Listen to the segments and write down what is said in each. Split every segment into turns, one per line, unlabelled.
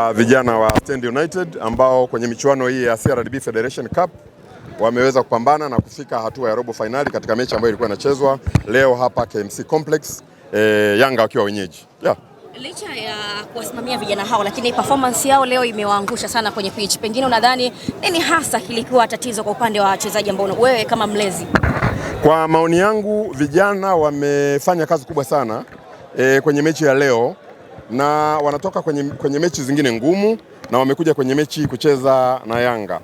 Uh, vijana wa Stand United ambao kwenye michuano hii ya CRDB Federation Cup wameweza kupambana na kufika hatua ya robo fainali katika mechi ambayo ilikuwa inachezwa leo hapa KMC Complex, e, Yanga wakiwa wenyeji
yeah. Licha ya kuwasimamia vijana hao, lakini performance yao leo imewaangusha sana kwenye pitch. Pengine unadhani nini hasa kilikuwa tatizo kwa upande wa wachezaji ambao wewe kama mlezi?
Kwa maoni yangu, vijana wamefanya kazi kubwa sana e, kwenye mechi ya leo na wanatoka kwenye, kwenye mechi zingine ngumu na wamekuja kwenye mechi kucheza na Yanga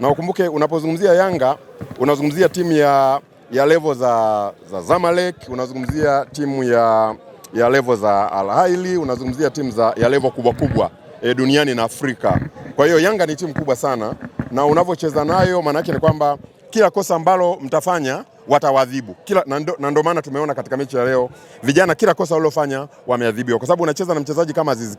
na ukumbuke unapozungumzia Yanga unazungumzia timu ya, ya levo za, za Zamalek, unazungumzia timu ya, ya levo za Al Ahly, unazungumzia timu za, ya levo kubwa kubwa e, duniani na Afrika. Kwa hiyo Yanga ni timu kubwa sana, na unavyocheza nayo maana yake ni kwamba kila kosa ambalo mtafanya watawadhibu kila, na ndio maana tumeona katika mechi ya leo vijana kila kosa walilofanya wameadhibiwa, kwa sababu unacheza na mchezaji kama Aziz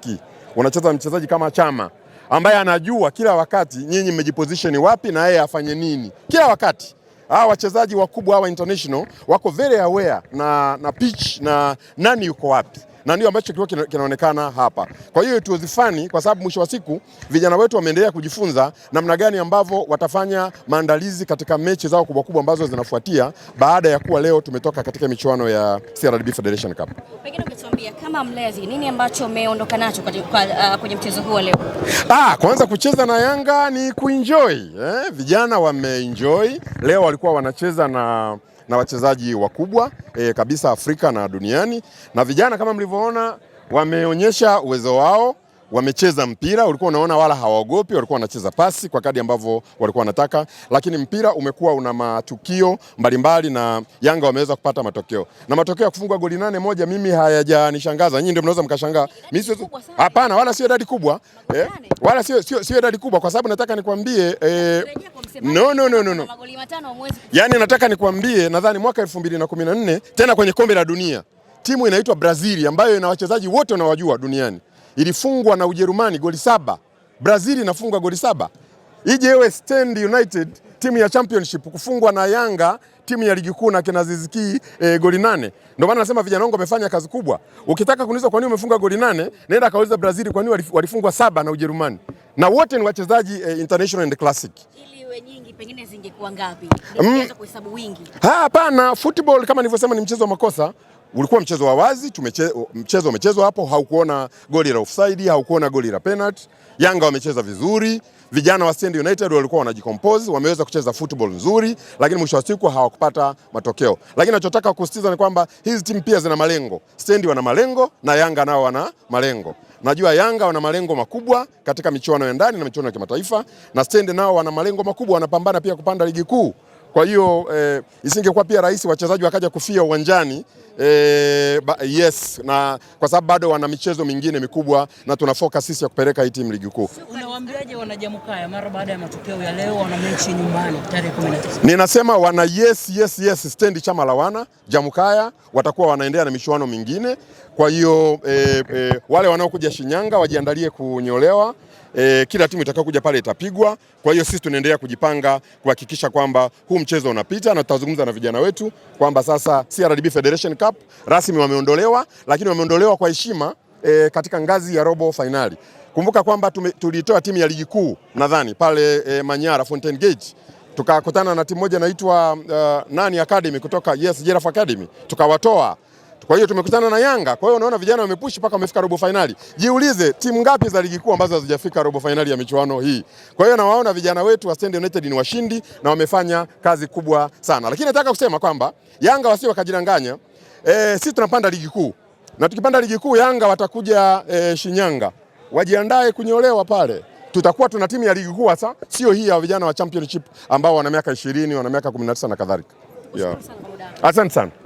unacheza na mchezaji kama Chama ambaye anajua kila wakati nyinyi mmejiposition wapi na yeye afanye nini kila wakati. Hawa wachezaji wakubwa hawa international wako very aware na, na pitch na nani yuko wapi na ndio ambacho kilikuwa kinaonekana hapa. Kwa hiyo it was kwa sababu mwisho wa siku vijana wetu wameendelea kujifunza namna gani ambavyo watafanya maandalizi katika mechi zao kubwa kubwa ambazo zinafuatia baada ya kuwa leo tumetoka katika michuano ya CRDB Federation Cup.
Pengine ungetuambia kama mlezi nini ambacho umeondoka nacho uh, kwenye mchezo huu leo?
Ah, kwanza kucheza na Yanga ni kuenjoy. Eh, vijana wameenjoy. Leo walikuwa wanacheza na na wachezaji wakubwa e, kabisa Afrika na duniani, na vijana kama mlivyoona wameonyesha uwezo wao wamecheza mpira, ulikuwa unaona wala hawaogopi, walikuwa wanacheza pasi kwa kadi ambavyo walikuwa wanataka, lakini mpira umekuwa una matukio mbalimbali na Yanga wameweza kupata matokeo na matokeo ya kufungwa goli nane moja mimi hayajanishangaza. Nyinyi ndio mnaweza mkashangaa, mimi hapana, wala sio idadi kubwa eh, wala sio sio idadi kubwa kwa sababu nataka nikwambie eh, no, no, no, no, no. yani nataka nikwambie nadhani mwaka 2014 tena kwenye kombe la dunia timu inaitwa Brazil ambayo ina wachezaji wote unawajua duniani ilifungwa na Ujerumani goli saba, Brazil inafungwa goli saba. Ije iwe Stand United timu ya championship kufungwa na Yanga timu ya ligi kuu na kinaziziki e, eh, goli nane. Ndio maana nasema vijana wangu wamefanya kazi kubwa. Ukitaka kuniuliza kwa nini umefunga goli nane, naenda kauliza Brazil kwa nini walifungwa saba na Ujerumani. Na wote ni wachezaji e, international and classic.
Ili iwe nyingi pengine zingekuwa ngapi? Ningeweza mm. kuhesabu wingi.
Ah, Hapana, football kama nilivyosema ni mchezo wa makosa ulikuwa mchezo wa wazi mchezo umechezwa hapo, haukuona goli la offside, haukuona goli la penalty. Yanga wamecheza vizuri, vijana wa Stand United walikuwa wanajikompose, wameweza kucheza football nzuri, lakini mwisho wa siku hawakupata matokeo. Lakini nachotaka kusisitiza ni kwamba hizi timu pia zina malengo. Stand wana malengo na Yanga nao wana malengo. Najua Yanga wana malengo makubwa katika michuano ya ndani na michuano ya kimataifa, na Stand nao wana malengo makubwa, wanapambana pia kupanda ligi kuu. Kwa hiyo eh, isingekuwa pia rahisi wachezaji wakaja kufia uwanjani e, ba, yes na kwa sababu bado wana michezo mingine mikubwa na tuna focus sisi ya kupeleka hii timu ligi kuu.
Unawaambiaje wanajamukaya mara baada ya matokeo ya leo, wana mechi nyumbani tarehe 19?
Ninasema wana yes, yes, yes stendi chama la wana jamukaya watakuwa wanaendelea na michuano mingine. Kwa hiyo e, e, wale wanaokuja Shinyanga wajiandalie kunyolewa. E, kila timu itakayokuja pale itapigwa. Kwa hiyo sisi tunaendelea kujipanga kuhakikisha kwamba huu mchezo unapita, na tutazungumza na vijana wetu kwamba sasa CRDB Federation Cup rasmi wameondolewa, lakini wameondolewa kwa heshima e, katika ngazi ya robo finali. Kumbuka kwamba tulitoa timu ya ligi kuu nadhani pale e, Manyara Fountain Gate tukakutana na timu moja inaitwa uh, nani Academy kutoka Yes Giraffe Academy tukawatoa. Kwa hiyo tumekutana na Yanga. Kwa hiyo unaona vijana wamepushi mpaka wamefika robo finali. Jiulize timu ngapi za ligi kuu ambazo hazijafika robo finali ya michuano hii. Kwa hiyo nawaona vijana wetu wa Stand United ni washindi na wamefanya kazi kubwa sana, lakini nataka kusema kwamba Yanga wasio wakajidanganya eh, sisi tunapanda ligi kuu na tukipanda ligi kuu Yanga watakuja eh, Shinyanga, wajiandae kunyolewa pale. Tutakuwa tuna timu ya ligi kuu hasa, sio hii ya vijana wa championship ambao wana miaka 20 wana miaka 19 na kadhalika. Asante sana.